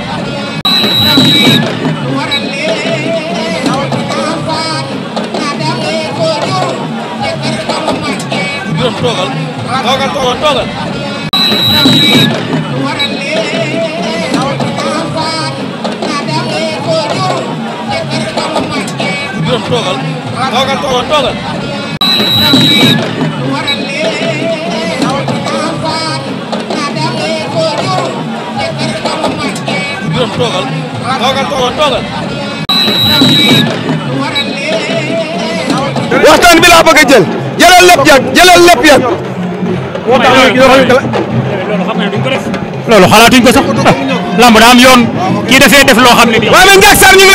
toogal toogal toogal toogal toogal toogal toogal toogal toogal toogal waxtaan bi laa bëgg a jël jëlal lépp yàgg jëlal lépp yàgg. loolu xalaatuñ ko sax lamb daa am yoon kii dafee def loo xam ne nii. waaw mais Ndiakhou Sarr ñu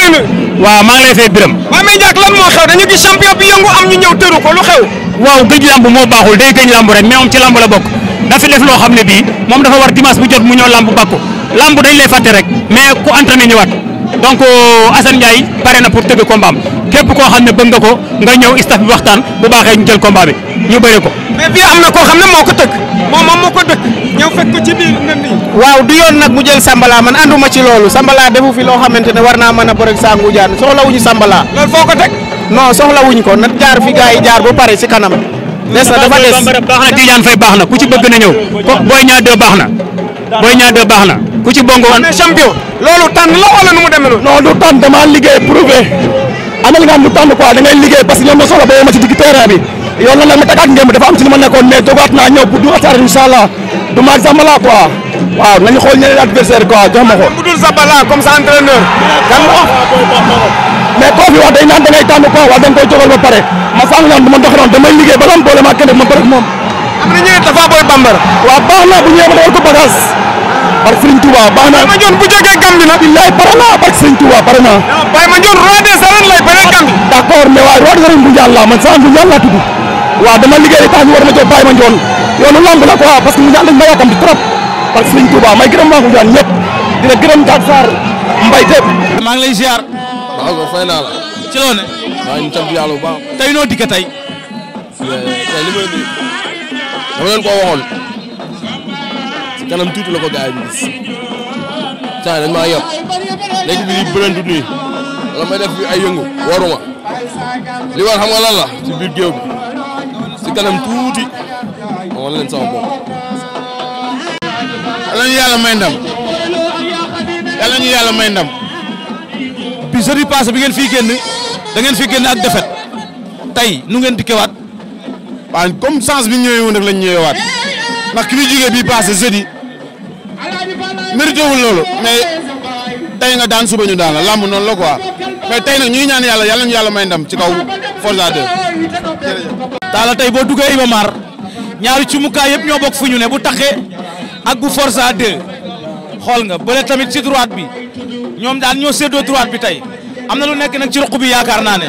waaw maa ngi lay fay biram. waaw mais Ndiakhou lan moo xew dañu gis champion bi yëngu am ñu ñëw tëru ko lu xew. waaw gëj lamb moo baaxul day gëj lamb rek mais moom ci lamb la bokk dafa def loo xam ne bii moom dafa war dimanche bu jot mu ñëw lamb bakko lamb dañ lay fàtte rek mais ku entraîné ñëwaat donc euh, Assane Ndiaye pare na pour tëgg combat am képp koo xam ne bëgg nga ko nga ñëw istaf bi waxtaan bu baaxee ñu jël combat bi ñu bëre ko. mais am na koo xam ne moo ko tëgg. moom moom moo ko dëkk. ñëw fekk ko ci biir waaw du yoon nag mu jël Sambala man anduma ci loolu Sambala defu fi loo xamante ne war naa mën a bëreeg Sangu Diané soxlawuñu Sambala. sambalaa foo ko teg. non soxlawuñ ko na jaar fi gars yi jaar ba pare si kanam. des na dafa des baax na baax na ku ci bëgg na ñëw. booy ñaar deux baax na booy ñaar deux baax ku ci bongoon mais champion. loolu tànn du tànn damaa liggéey prouvé amal nga du tànn quoi da ngay liggéey ñoom ma soxla ba ma ci digg terrain bi yoon la nag ma du attaar incha allah du maag Zambala quoi waaw adversaire quoi jox ma ko. bu dul Zambala comme ça koo fi wax day naan da ngay tànn quoi wax da nga koy jogal ba ma sànq moom. am na ñëwee Tafa Boy Bambara. waaw ko bagage. barke Serigne Touba baax na ma ñoon bu jógee Gambie nag billahi pare naa barke Serigne Touba pare naa ah, Baye ma ñoon roi des arènes lay bëre Gambie d'accord mais waaye roi des arènes bu yàlla man sa bu yàlla tudd waaw dama liggéey état ñu war ma jox Baye ma ñoon yoonu lamb la quoi parce que ñu dañ ma yàkkam di trop barke Serigne Touba may gërëm maa ko ñaan ñëpp dina gërëm daal Sarr Mbaye Diop maa ngi lay ziar waaw ko fay naa la ci loo ne waaw ñu sant yàlla noo dikk tey eh, tey ko kanam tuuti la ko gars yi ñu gis saa dañ maa bi di bërantu nii wala may def ay yëngu waruma li war xam nga lan la ci biir géew bi si kanam tuuti ma wan leen sama bopp. yàlla ñu yàlla may ndam yàlla ñu yàlla may ndam bi jeudi passé bi ngeen fii génn da ngeen fii génn ak defet tey nu ngeen dikkewaat waaw comme sens bi ñëwee woon rek lañ ñëwewaat ndax ki ñu jugee bii passé jeudi mérité wul loolu mais tey nga daan suba ñu daan la làmb noonu la quoi mais tey nag ñuy ñaan yàlla yàlla ñu yàlla may ndam ci kaw Forza 2. daal tey boo duggee Iba Mar ñaari cumukaay yëpp ñoo bokk fu ñu ne bu taxee ak bu Forza 2 xool nga bële tamit ci droite bi ñoom daal ñoo séddoo droite bi tey am na lu nekk nag ci ruq bi yaakaar naa ne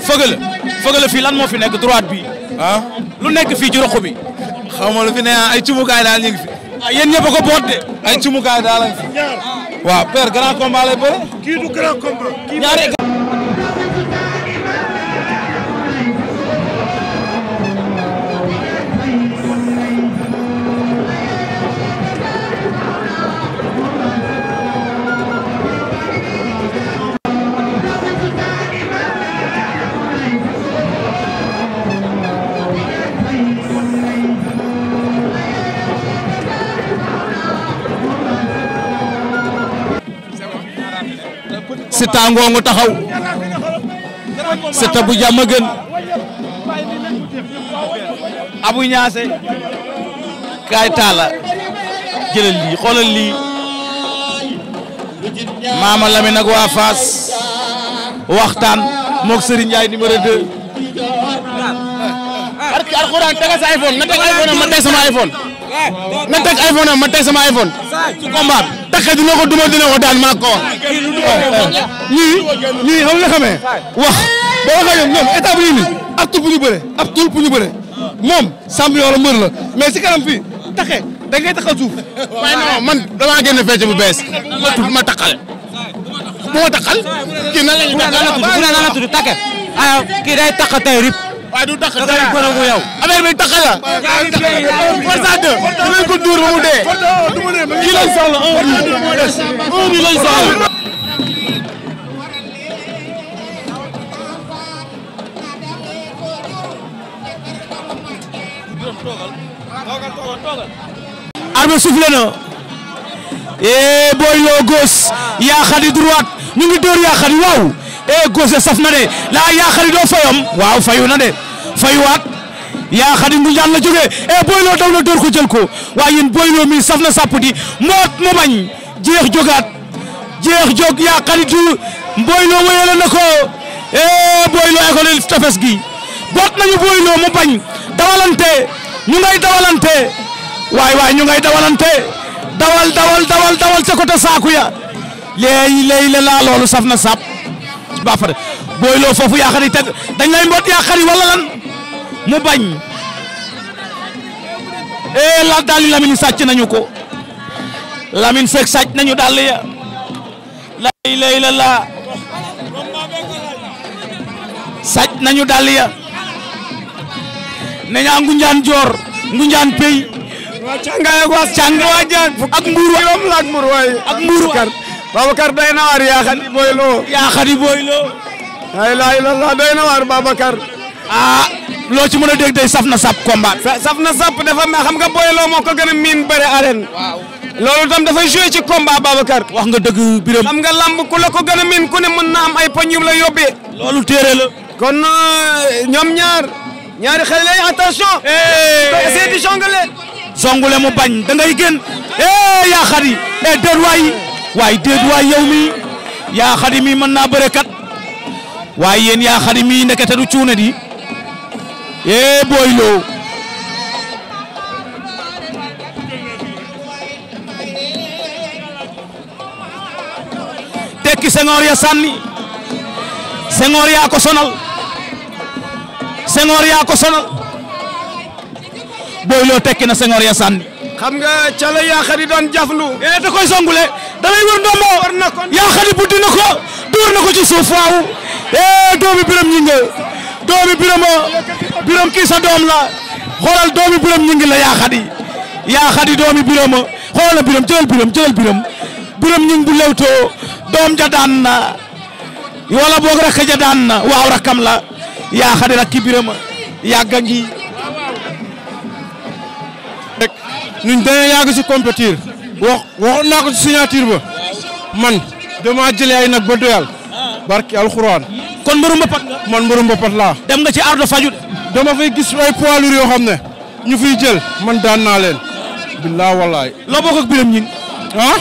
fëgal fëgal fii lan moo fi nekk droite bi. Ah? lu nekk fii ci ruq bi. xaw ma lu fi ne ah, ay cumukaay ah yéen ñëpp a ko boot de. ay cumukaay daal lañ fi. waaw père grand combat lay bëre. Siteu ngoongu taxaw Siteu bu jàmm gën Abou Niasse kaay taala jëlal lii xoolal lii Mama Lamine ak waa Fass waxtaan moog Serigne Ndiaye numéro 2. barke alxuraan tegal iPhone nga teg iPhone ma teg sama iPhone. nga teg iPhone ma teg sama iPhone. ci combat bi. takk dina ko dina ko daan maa ñii ñii xam nga xamee wax boo waxee ñoom ñoom bu ñu nii ab tur bu ñu bëree ab tur bu ñu bëree moom champion la mbër la mais si kanam fii taxe da ngay taxal suuf. waaye non man damaa génn bees ma ma taxal bu ma taxal kii nan la ñuy taxal bu la la tudd taxe ah kii day tax tey rip. waaw du tax dara yow. affaire bi tax la. Forza ba mu dee. kii lañ soxla un bi. un bi arbe soufflé na eh Boy Lo gauche Yaa Khady droite ñu ngi dóor Yaa eh, saf na de la Yaa doo fayam waaw fayu na de fayuwaat Yaa Khady ndu ñaan la jógee eh, daw na dóor ko jël ko waaye yéen mi saf na sàpp di moot mo bañ jeex jogaat jeex jog Yaa Khady du Boy ko eh Boy Lo tefes gi bot nañu Boy mu bañ dawalante ñu ngay dawalante waay waay ñu ngay dawalante dawal dawal dawal dawal saaku ya léegi léegi la laa loolu saf na sap ba pare booy loo foofu yaakaar teg dañ lay mboot yaakaar yi wala lan mu bañ eh la daal di Lamine sàcc nañu ko Lamine Seck sàcc nañu daal ya sàcc nañu daal ya. naña Ngunjaan Joor Ngunjaan Pey waa cangaay ak waas cangaay waajaan ak mbuur kilom laak mur waay ak mbuur Babacar doy na waar yaa xadi boy loo yaa xadi boy loo la ilaha illallah doy na waar Babacar ah loo ci mën a dégg day saf na sap combat saf na sap dafa ma xam nga boy loo moo ko gën a miin bëre arène waaw loolu tam dafay joué ci combat Babacar wax nga dëgg biram xam nga lamb ku la ko gën a miin ku ne mën na am ay poñ yu la yóbbee loolu téere la kon euh, ñoom ñaar ñaari xale lay attention. essayer di jongale. jongale mu bañ da ngay génn. yaa xadi. Eh, déet waay waay déet waay yow mii yaa xadi mën naa bëre kat waaye yéen yaa xadi mii du cuune di. ee eh, booy loo. tekki sengoor ya sànni. sengoor yaa ko Senghor yaa ko sonal Boy Lo tekki na Senghor ya xam nga ca la yaa xadi daan jaflu. Eh, koy songule da lay wër ndombo. war na ko yaa xadi buddi na ko door na ko ci suuf waaw. eh doomi biram ñi la xoolal doomi la yaa xadi yaa doomi biram xoolal biram jëlal biram jëlal biram biram ñi bu lewtoo doom ja daan na wala boog rakk ja daan na waaw rakkam la. yaa xadi rakki Birama yàgga ngi rek ñun dañoo yàgg si compétir wax waxoon naa ko si signature ba man dama jëlee ay nag ba doyal barki alxuraan kon mbërum mbapat nga man mbërum mbapat laa dem nga ci ardo faju dama fay gis ay poids lourds yoo xam ne ñu fiy jël man daan naa leen billaa wallaay loo bokk ak Birame Gningue ah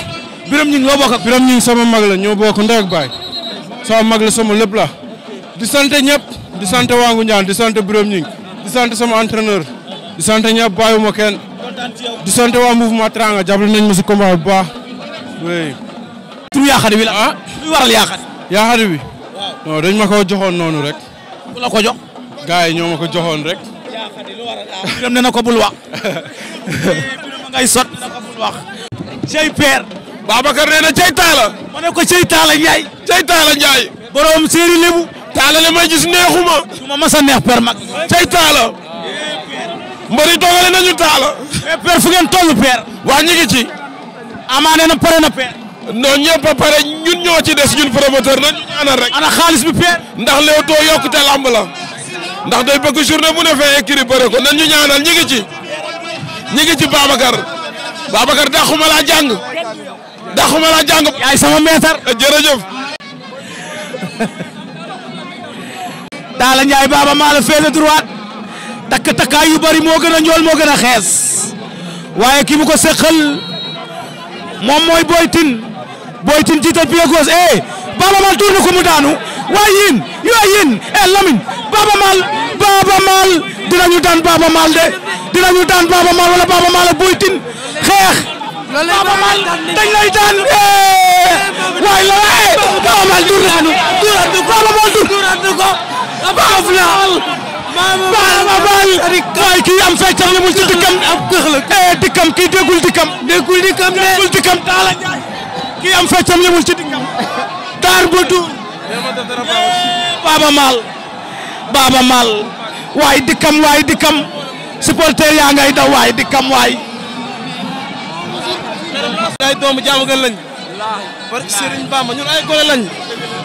Birame Gningue loo bokk ak Birame Gningue sama mag la ñoo bokk ndey ak baay sama mag la sama lépp la di sant ñëpp di sant Wangu Ndiaye di sant Birame Ngingue di sant sama entraîneur di sant ñëpp bàyyiwuma kenn di sant waa mouvement Teranga jàppale nañ ma si combat bu baax oui. tur yaaxat bi la ah. waral yaaxat. yaaxat bi. non dañ ma ko joxoon noonu rek. ku la ko jox. gars yi ñoo ma ko joxoon rek. yaaxat lu waral ah. Birame nee na ko bul wax. Birame ngay sot nee na ko bul wax. Cey taala li may gis neexuma. su ma mas a neex per mag. tey taala. mbëri dogale nañu taala. mais eh, per fu ngeen tollu per. waa ñu ngi ci. na pare na per. non ñëpp a pare ñun ñoo ci des ñun promoteur nañu ñaanal rek. ana xaalis bi per. ndax Leewtoo yokkute lamb la. ndax day bëgg journée bu ne fee écrit bëre ko nañu ñaanal ñu ngi ci. ñu ngi ci Babacar. Babacar dàquma laa jàng. dàquma laa jàng. yaay sama meetar. Eh, jërëjëf. Talla Ndiaye Baba Maal féete droite takk takkaay yu bari moo gën a njool moo xees waaye ki mu ko seqal moom mooy Boy Tine Boy Tine jiital pied gauche eh Baba Maal tuur na ko mu daanu waaye yéen yooyu yéen eh Lamine Maal Baba Maal dinañu daan Baba Maal de dinañu daan Baba Maal wala Baba Maal ak Boy xeex. Baba Maal dañ lay daan eh waaye la eh Baba Maal tuur na baaf la baal ma baal waaye kii am feccal yemul ci dikkam ab këx la dikkam kii déggul dikkam déggul dikkam déggul dikkam taala kii am feccal yemul ci dikkam daar ba du baaba maal baaba maal waaye dikkam waaye dikkam supporter yaa ngay daw waaye dikkam waay ay doomu jaamu gën lañ parce que Serigne Bamba ñun ay gone lañ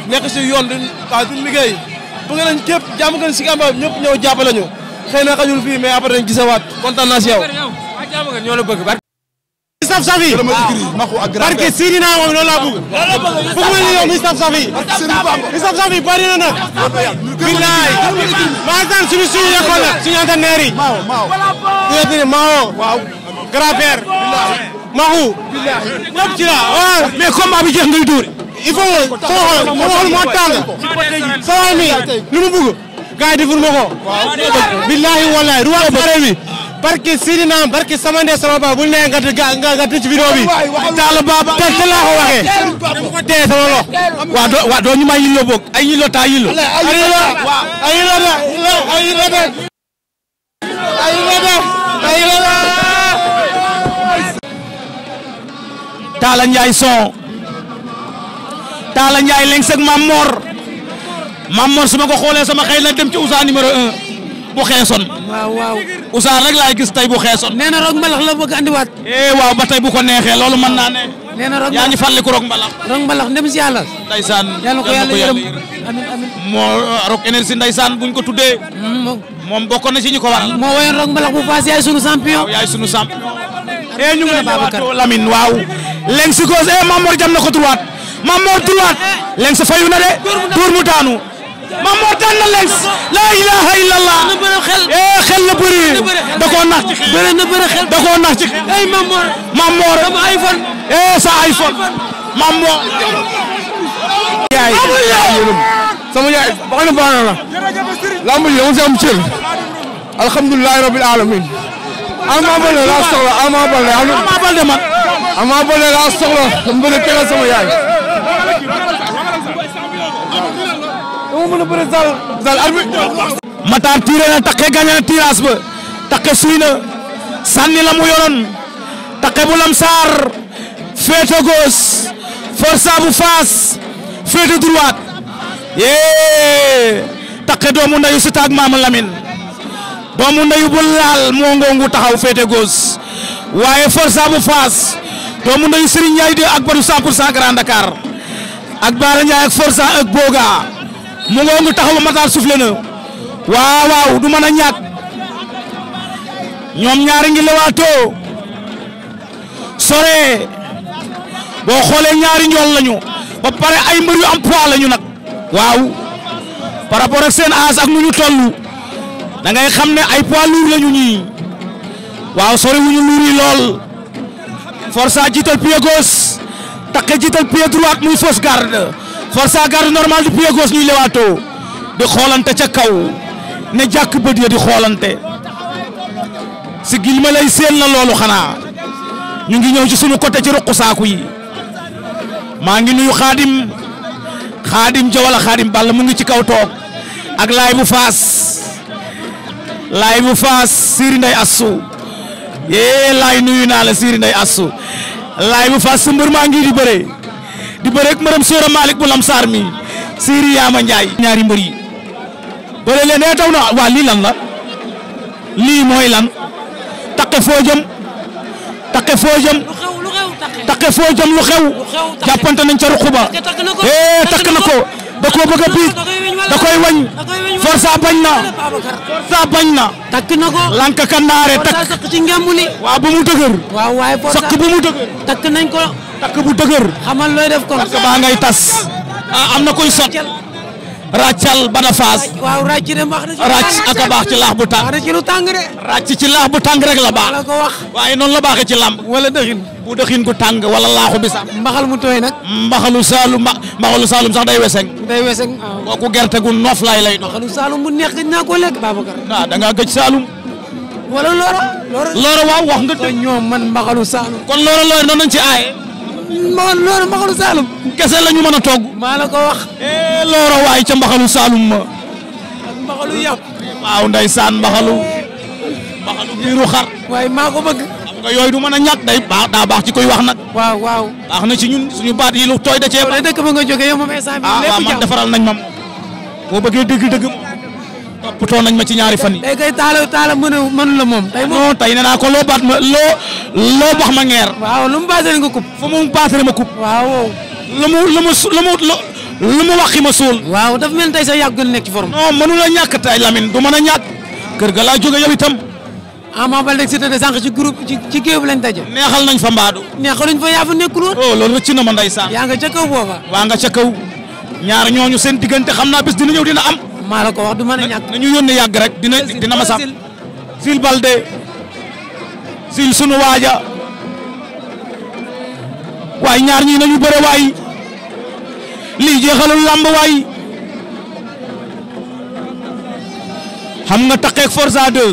nekk si yoon duñ waaw duñ liggéey bëgg nañ képp jàmm gën si kamba ñëpp ñëw jàppale ñu xëy na xajul fii mais après dañ si yow waa jàmm gën ñoo la bëgg barke saf safi barke Sidina moom loolu laa bëgg bëgg ma ni yow mi saf safi mi saf safi bari na nag billaay yi ñetti maawo grand père maxu ñëpp ci la mais combat bi jeex ngay dóor il faut que sama xol moo tàng sama xol nii mu bëgg gars yi deful ma ko. billahi wallahi ruwaay pare mi barke Sidina barke sama ndey sama ba bu nga nga nga tëj taal ba teg te laa waxee tee sama waa doo ñu may yillo bokk ay yillo taa yillo ay yillo ay ay yillo ay yillo ay Talla Ndiaye leng sëg Mam Mor Mam Mor ma ko xoolee sama xëy na dem ci Ousa numéro 1 bu xeesoon. waaw waaw Ousa rek laay gis tay bu xeesoon. nee na roog mbalax la bëgg andiwaat. eh waaw ba tay bu ko neexee loolu man naa ne. nee na roog mbalax yaa ngi fàttaliku roog mbalax. roog mbalax ndem si yàlla. ndeysaan yàlla ko yàlla yërëm amiin amiin moo roog énergie buñ ko tuddee. Mm, moom bokkoon na ci ñu ko waral. moo woyoon roog mbalax bu paase yaay sunu champion. yaay sunu champion. eh ñu ngi lay waatoo Lamine waaw. Mamor droite Lengs fayu na de dóor mu daanu Mamor daan na Lengs la ilaha illallah eh xel la bëri da koo nax bëri na bëri xel da koo nax ci ay Mamor Mamor sama iPhone eh sa iPhone Mamor yaay sama yaay baax na baax na lamb yi dama si am cër alhamdulilah rabbil alamin Ama Baldé laa soxla Ama Baldé Ama Baldé man Ama Baldé laa soxla sama yaay mën a bëre Zal Zal arbitre na Takké ba Takké suy na la mu yoroon Takké bu lamsaar féete gauche Força bu Fass féete droite yee Takké doomu ndeyu si taag Maama Lamine doomu ndeyu bu laal moo ngongu taxaw féete gauche waaye Força bu Fass doomu ndeyu Serigne Ndiaye de ak baru 100 pour Grand Dakar ak Baara ak Força ak Boga. mu ngoongu taxaw Matar soufflé na waaw waaw du mën a ñàkk ñoom ñaari ngi sore boo xoolee ñaari njool lañu ba pare ay mbër yu am poids lañu nag waaw par rapport ak seen âge ak mu ñu toll da ngay xam ne ay poids lourd lañu ñii waaw sori wuñu luur yi lool força jiital pied takke jiital pied droit muy fausse garde Forza garde normal du pied gauche ñuy lewaatoo di xoolante ca kaw ne jàkk bët ya di xoolante si gilma lay seen na loolu xanaa ñu ngi ñëw ci sunu côté ci ruq saaku yi maa ngi nuyu xaadim xaadim jawala xaadim balla mu ngi ci kaw toog ak laay bu faas laay bu faas siiri nday assu yee nuyu naa la siiri nday assu bu faas sa maa ngi di bëre di bëreeg mërëm Sora Malick bu Lamsaar mi Siri Yaama Ndiaye. ñaari mbër yi bële leen nee eh, taw waa lii lan la lii mooy lan taqe foo jëm taqe foo jëm taqe foo jëm lu xew jàppante nañ ca ruquba eh takk na ko. Eh, da koo bëgg a biij da koy wañ forsa bañ na forsa bañ na. takk na ko lank kandaare takk sakk ci ngembu li. waaw bu mu dëgër. waaw waaye forsa sakk bu mu dëgër. takk nañ ko. takk bu dëgër. xamal looy def kon. takk baa ngay tas. ah am na koy sot. ràccal bana faas. waaw ràcc de wax na ci ràcc ak a baax ci laax bu tàng. wax na ci lu tàng de. ràcc ci laax bu tàng rek la baax. la waaye noonu la baaxee ci làmb. wala dëxin. bu dëxin gu tàng wala laaxu bi sax. mbaxal mu tooy nag. mbaxalu saalum mbaxalu saalum sax day weseng. day weseng waaw. kooku gerte gu noof laay lay doon. mbaxalu saalum mu neex gëj naa koo lekk Babacar. ah da ngaa gëj saalum. wala loora. loora waaw wax nga. te ñoom man mbaxalu saalum. kon loora loora noonu nañ ci aaye. ma loolu mbaxalu Saalum. kese la ñu mën a togg. maa la ko wax. Eh, loora waay ca mbaxalu Saalum ma. ak mbaxalu waaw ndeysaan mbaxalu. mbaxalu biiru xar. waaye maa ko bëgg. xam nga yooyu du mën a ñàkk day baax daa baax ci koy wax na waaw waaw. baax na ci ñun suñu baat yi lu tooy da cee. ba dëkk ba nga jógee yow moom instant bi ah, lépp jàmm ah defaral nañ mam. boo bëggee dëgg dëgg. toppatoo nañ ma ci ñaari fan yi. tey kay taala taala mënu mënu la moom. tey moom tey nee naa ko loo baat ma loo waaw lu mu baasee nga kub. fu mu ma kub. waaw. lu mu lu mu su lu mu lu mu waxi ma suul. waaw daf mel ni tey sa yàgg gën nekk ci forme. non la ñàkk tey Lamine du mën a kër ga laa jóge yow itam. Ama Baldé Siteu de sànq ci groupe ci ci géew bi lañ daje. neexal nañ fa mbaadu. neexaluñ fa yaa fa nekkul woon. oh loolu rëcc na ma ndeysaan. yaa nga ca kaw booba. waa nga ca kaw ñaar ñooñu seen diggante xam naa bis dina ñëw dina am maa la ko a ñàkk. na ñu yónni yàgg rek dina dina ma sax. Zil Balde Zil sunu waaja waay ñaar ñii nañu bëre waay lii jeexalul lamb waay xam nga taqeeg Forza 2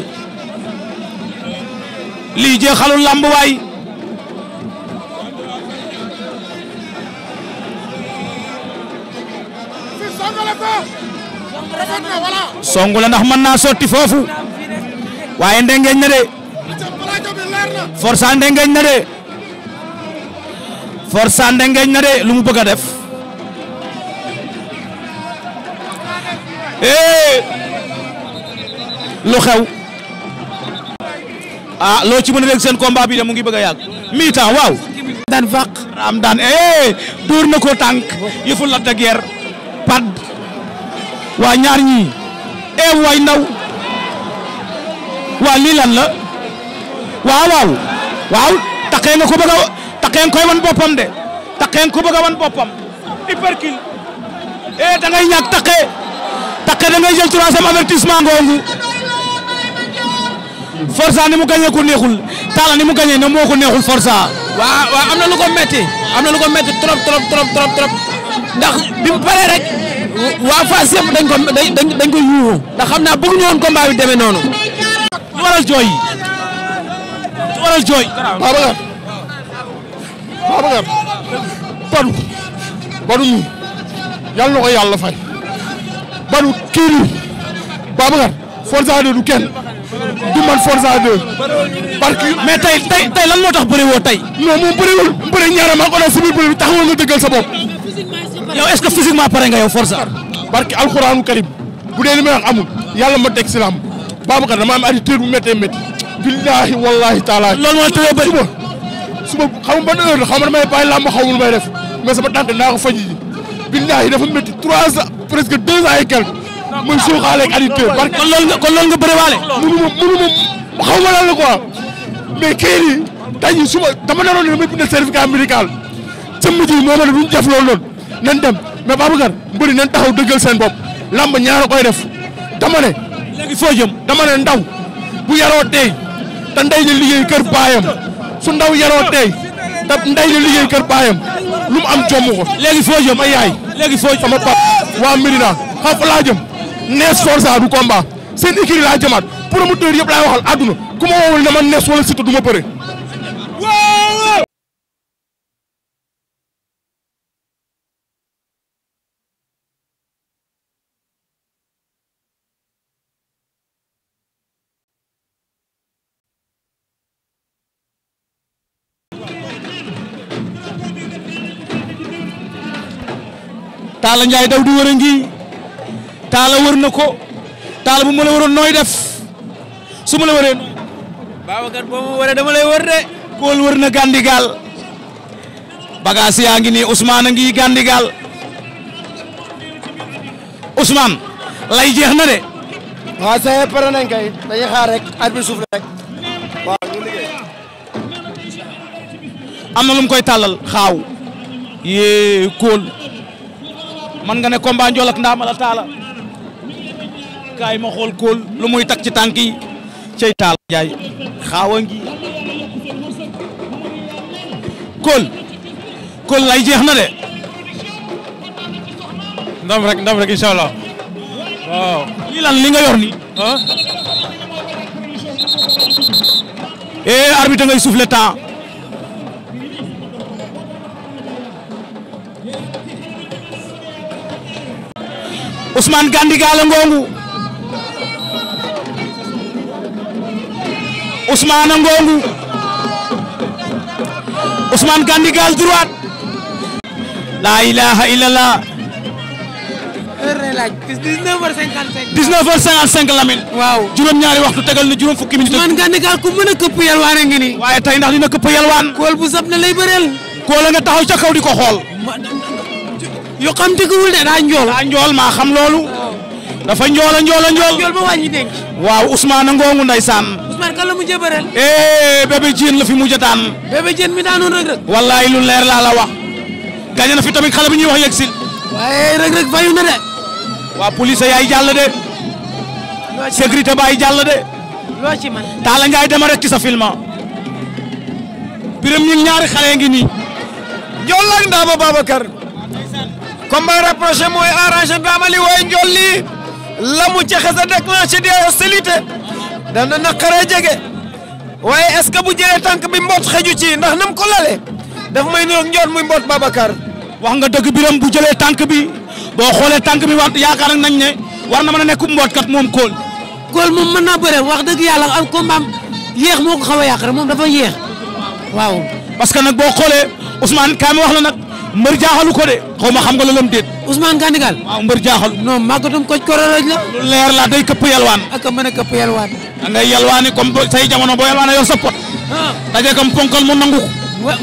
lii jeexalul lamb waay. songu la ndax mën naa sotti foofu waaye ndengeñ na de forsa ndengeñ na de forsa ndengeñ lu mu bëgg a def eh lu xew ah loo ci mën a dégg seen combat bi de mu ngi bëgg a yàgg mi-temps waaw. daan faq am daan eh dóor na ko tànk yëful la de pad waa ñaar ñii. ee eh, waay ndaw waa lii lan la waaw waaw waaw taqee nga ko bëgg koy wan boppam de taqee nga ko bëgg a wan boppam hypercule ee eh, da ngay ñàkk taqee taqee da ngay jël troisième avertissement ngoongu Forza ni mu gagné ko neexul Talla ni mu gagné ne moo ko neexul Forza. waaw am na lu ko métti trop trop trop trop ndax bi mu rek. waa Fass yëpp dañ ko dañ dañ ko yuuxu ndax xam naa bëgguñu woon combat bi demee noonu. lu waral jooy yi lu waral jooy. Babacar Babacar Badou Badou ñu yàlla na ko yàlla fay Badou kii nii Babacar Forza 2 du kenn du man Forza 2. parce que mais tey tey tey lan moo tax bëriwoo tey. non moom bëriwul bëri ñaara maa ko doon tax bëri taxawal nga dëggal sa bopp. yow est-ce que physiquement pare nga yow Forza. barke alxuraanu karim bu dee li may wax amul yàlla ma teg si lamb Babacar dama am additeur bu méttee métti. billahi wallahi taala. suba suba xam nga ban heure la xam nga damay bàyyi lamb trois ans presque deux ans et quelque muy suuxaale ak barke kon loolu nga kon loolu munu ma ma xaw ma lan la quoi mais kii nii tey jii suba dama naroon ne damay bind certificat médical cëmm ji moo ma ne bu ñu def loolu noonu. nan dem mais Babacar mbëri nan taxaw dëggal seen bopp lamb ñaara koy def dama ne. léegi foo jëm ndaw bu yaroo tey te ndey li liggéey kër baayam su ndaw yaroo tey te ndey li liggéey kër baayam lu mu am jommu ko. léegi foo jëm ay yaay. léegi foo jëm sama pap waa Mirina xam fa laa jëm nees forsa du combat seen écurie laa jëmaat promoteur yëpp laay waxal àdduna ku ma woowul ne man nees wala Siteu du ma bëre. Talla Ndiaye daw di wër a ngi Talla na ko Talla bu ma la wëroon nooy def su ma la wëree. Babacar dama lay war de. Kool wër na Gandigal bagaas yaa ngi nii Ousmane a ngi Gandigal Ousmane lay jeex na de. waaw sa pare nañ kay dañuy xaar na lu koy tàllal xaaw yee Kool. man nga ne combat njool ak ndaama la taala kaay ma xool kóol lu muy tak ci tànk yi cey taala jaay xaawa ngi kóol kóol lay jeex na de ndam rek ndam rek incha allah lan li nga yor ni ah eh arbitre ngay souffler temps Ousmane Gandiga la ngongu Ousmane ngongu Ousmane Gandiga droite la ilaha illallah heure lay laaj 19h55 19h55 Lamine waaw juróom ñaari waxtu tegal na juróom fukki minutes Ousmane Gandiga ku mën a këpp yalwaan ngi nii waaye tey ndax dina këpp yalwaan kool bu sab na lay bëreel kool nga taxaw ca kaw di ko xool yoo xam tëgguwul ne daa njool. daa maa xam loolu. dafa njool a njool a njool. njool ba wàññi denc. waaw Ousmane Ngongu ndeysaan. Ousmane kan la eh, la fi mujj a daan. bébé Diène mi daanoon Reug Reug. wallaay lu leer laa la wax. gaañ na fi tamit xale bi ñuy wax yegg si. waaye Reug Reug fayu na de. waa police yaay jàll de. sécurité baay jàll de. loo ci man Talla Ndiaye dama rek ci sa filma biram ñun ñaari ngi nii. Ndiol ak Ndaba combat rapproché mooy arrangé Dame Ly waaye njool lii la mu ca xase déclenché des hostilités dana naqaree jege waaye est-ce que bu jëlee tànk bi mboot xeju ci ndax nam ko lale daf may niroog njool muy mboot Babacar. wax nga dëgg biram bu jëlee tànk bi boo xoolee tànk bi war yaakaar nañ ne war na mën a nekk mboot kat moom Kool. Kool moom mën naa wax dëgg yàlla am combat yéex moo ko xaw yàq moom dafa yéex waaw. parce que nag boo xoolee Ousmane Kame wax la nag. mbër jaaxalu ko de xaw xam nga loolu am déet Ousmane Gandigal waaw mbër jaaxalu non màggatum koc kororoj la lu leer la day këpp yalwaan ak mën a këpp yalwaan da ngay yalwaani comme say jamono boo yalwaan yor sa pot ah. daje kam ponkal mu nangu ko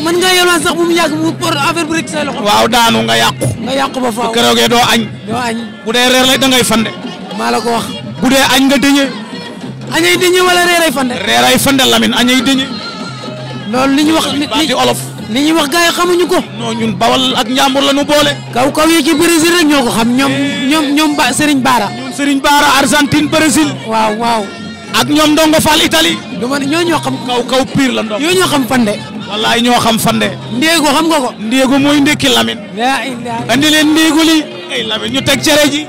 mën nga yalwaan sax bu mu yàgg mu por affaire bu rek say loxo waaw daanu nga yàqu nga yàqu ba faaw keroogee doo añ doo dee reer lay dangay ngay fande maa la ko wax bu dee añ nga dëñee añay dëñee wala reeray fande reeray fande Lamine añay dëñee loolu li ñu wax li olof ni ñuy wax gars yi xamuñu ko. non ñun bawal ak njàmbur la ñu boole. kaw kaw yi ci Brésil ñoo ko xam ñoom eh. ñoom ñoom ba Serigne Bara. ñun Serigne Bara Argentine Brésil. waaw waaw. ak ñoom Ndongo Fall Italie. du ma ne ñoo ñoo xam. kaw kaw pire la Ndongo. ñoo ñoo xam Fande. wallaay ñoo xam Fande. Ndéego xam nga ko. Ndéego mooy ndékki Lamine. a indaale andi leen ñu teg cere ji.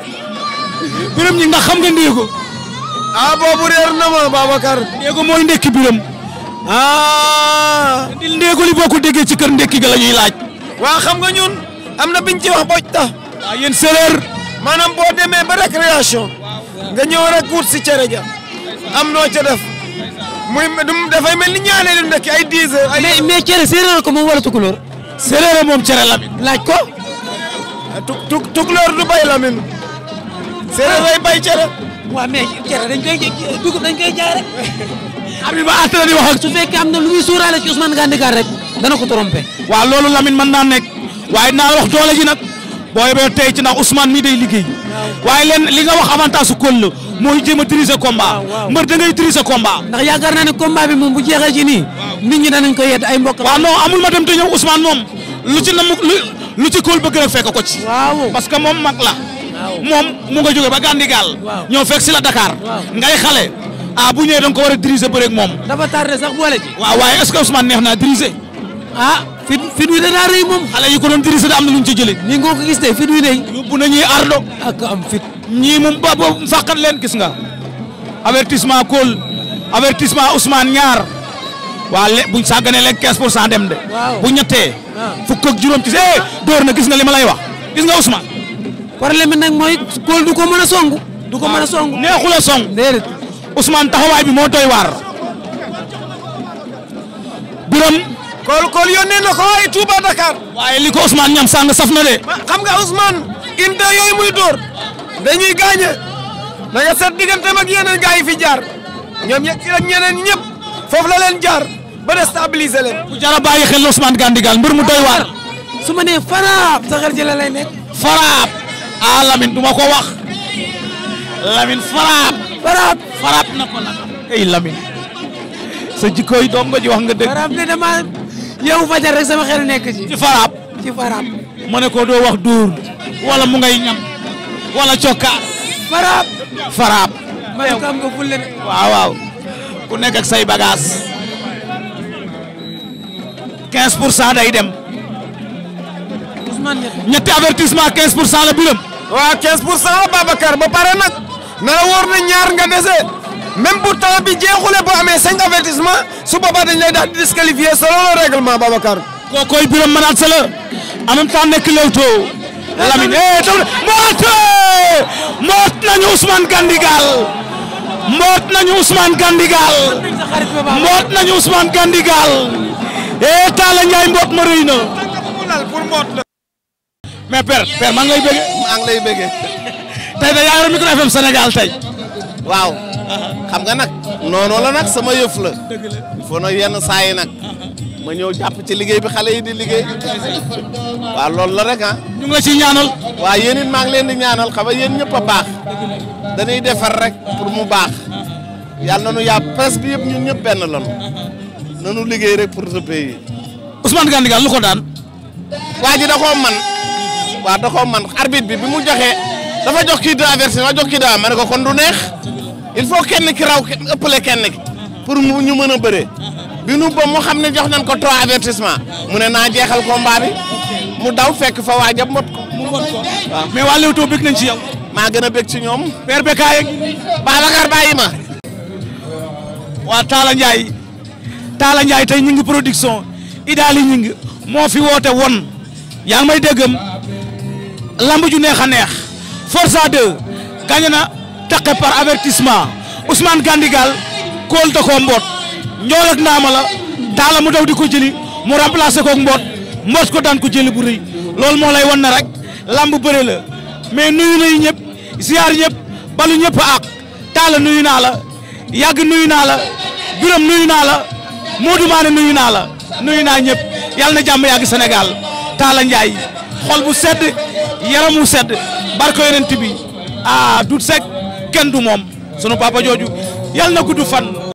ñi nga xam nga Ndéego. ah boobu réer na ma Babacar. Ndéego mooy ndékki biram ah. ndil ndéeguli boo ko ci kër ndekki ga la ñuy laaj. waa xam nga ñun am na biñ ci wax boj ta. waaw ah, yéen séeréer. maanaam boo demee ba récréation. nga ñëw rek wut si cere ja. am noo ca def. muy dafay mel ni ñaanee lu ndekki ay 10 ay mais cere séeréer ko moom wala tukulóor. séeréer moom cere la laaj ko. Ah, tu tukulóor du bay la min séeréer lay bay cere. waaw mais cere dañ koy dugub dañ koy jaay arbitre ba àtte la di wax ak. su fekkee am na lu muy suuraale ci Ousmane Gandigal rek dana ko trompé. waaw loolu Lamine mën naa nekk waaye naa wax doole ji nag boo yebee tey ci ndax Ousmane mii day liggéey. waaye leen li nga wax avantage su kóol la mooy jéem a triser combat. mbër da ngay triser combat. ndax yaakaar naa ne combat bi moom bu jeexee ci nii. nit ñi danañ ko yedd ay mbokk. waaw non amul ma dem te ñëw Ousmane moom lu ci namu lu ci kóol bëgg rek fekk ko ci. waaw parce que moom mag la. moom mu nga jóge ba Gandigal. ñoo fekk si la Dakar. ngay xale. ah bu ñëwee da nga ko war a diriger bëreeg moom. dafa tardé sax boole ci. waaw waaye est-ce que Ousmane neex naa diriger. a ah, fit fit wi danaa moom. xale yi ko doon diriger da am na lu ñu ci jëlee. ni nga ko gis de fit wi ardo. ñii moom ba boobu leen gis nga. avertissement Kool avertissement Ousmane ñaar waa le buñ sàgganee leen 15 pour cent dem de. bu ñettee. Ah. fukk ak juróom ci eh door na gis lay wax gis nga Ousmane. problème bi nag mooy Kool du ko mën a song. du ko mën a song ah, a Ousmane taxawaay bi moo doy waar. Birame. kool kool yónnee na ko waaye Touba Dakar. waaye li ko Ousmane ñam sàng saf na de. xam nga Ousmane. inte yooyu muy dóor. dañuy gaañe. na nga seet digganteem ak yeneen gars yi fi jaar. ñoom ñett rek ñeneen ñëpp. foofu la leen jaar. ba déstabiliser leen. bu jar a bàyyi xel Ousmane Gandigal mbir mu doy waar. su ma nee faraab sa xel ci la lay nekk. faraab. ah Lamine du ma ko wax. Lamine faraab. faraat faraat na ko nag ay Lamine sa jikkooy doom nga ji wax nga dëgg faraat de dama yow fajar rek sama xel nekk ci ci faraat ma ne doo wax duur wala mu ngay ñam wala cokkaas faraat faraat ma ne ko nga fulle de waaw waaw ku nekk say bagage 15 pour cent day dem Ousmane ñetti avertissement 15 pour cent biram waaw 15 pour cent Babacar ba pare nag na la wóor na ñaar nga dese même bu temps bi jeexule ba amee cinq avertissement su boobaa dañ lay daal di disqualifier selon le règlement Babacar. kookoy biram mën a at sa la en même temps nekk Leewtoo Lamine eh taw moot eh! moot nañu Ousmane Gandigal moot nañu Ousmane Gandigal moot nañu Ousmane Gandigal mboot eh, ma rëy ngi lay bëggee. tey de yaa yor micro senegal Sénégal tey. waaw. xam nga nag noonu la sama yëf la. foo na yenn saa yi nag. ma ñëw jàpp ci liggéey bi xale yi di liggéey. waaw loolu la rek ah. ñu ngi ci ciy ñaanal. waaw yéen maa ngi leen di ñaanal xam nga ñëpp a baax. dañuy defar rek pour mu baax. yàlla na nu yaa presse bi yëpp ñun ñëpp benn nanu liggéey rek pour ce pays. Gandigal lu ko daan. waa ji da man. waaw da man arbitre bi bi mu joxee. dafa jox kii traversé dafa jox kii ma ne ko kon du neex il faut kenn ki raw ëppale kenn ki pour mu ñu mën a bëree bi nu ba mu xam ne jox nañ ko trois avertissement mu ne naa jeexal combat bi mu daw fekk fa waa mot ko. mu mot ko waaw mais waa Leewtoo nañ ci yow. maa gën a bëgg ci ñoom. père Beka yeeg. Babacar bàyyi ma. waa Talla Ndiaye. Talla Ndiaye tey ñu ngi production idaali ñu moo fi woote won yaa ngi may déggam lamb ju neex a neex. Forza 2 gagné na taqe par avertissement Ousmane Gandigal kool da koo mboot ñool ak ndaama mu daw di ko jëli mu remplacé ko ak mboot mboot ko daan ko jëli bu rëy loolu moo rek lamb bëre la mais nuyu nañu ñëpp ziar ñëpp balu ñëpp taala nuyu naa la yàgg nuyu naa la biram nuyu naa la Modou Mané nuyu naa la nuyu naa ñëpp yàlla na jàmm yàgg Sénégal taala Ndiaye xol bu yaram wu sedd barko yonent bi ah dut sek kenn du moom sunu papa jooju yàlla na gudd fan.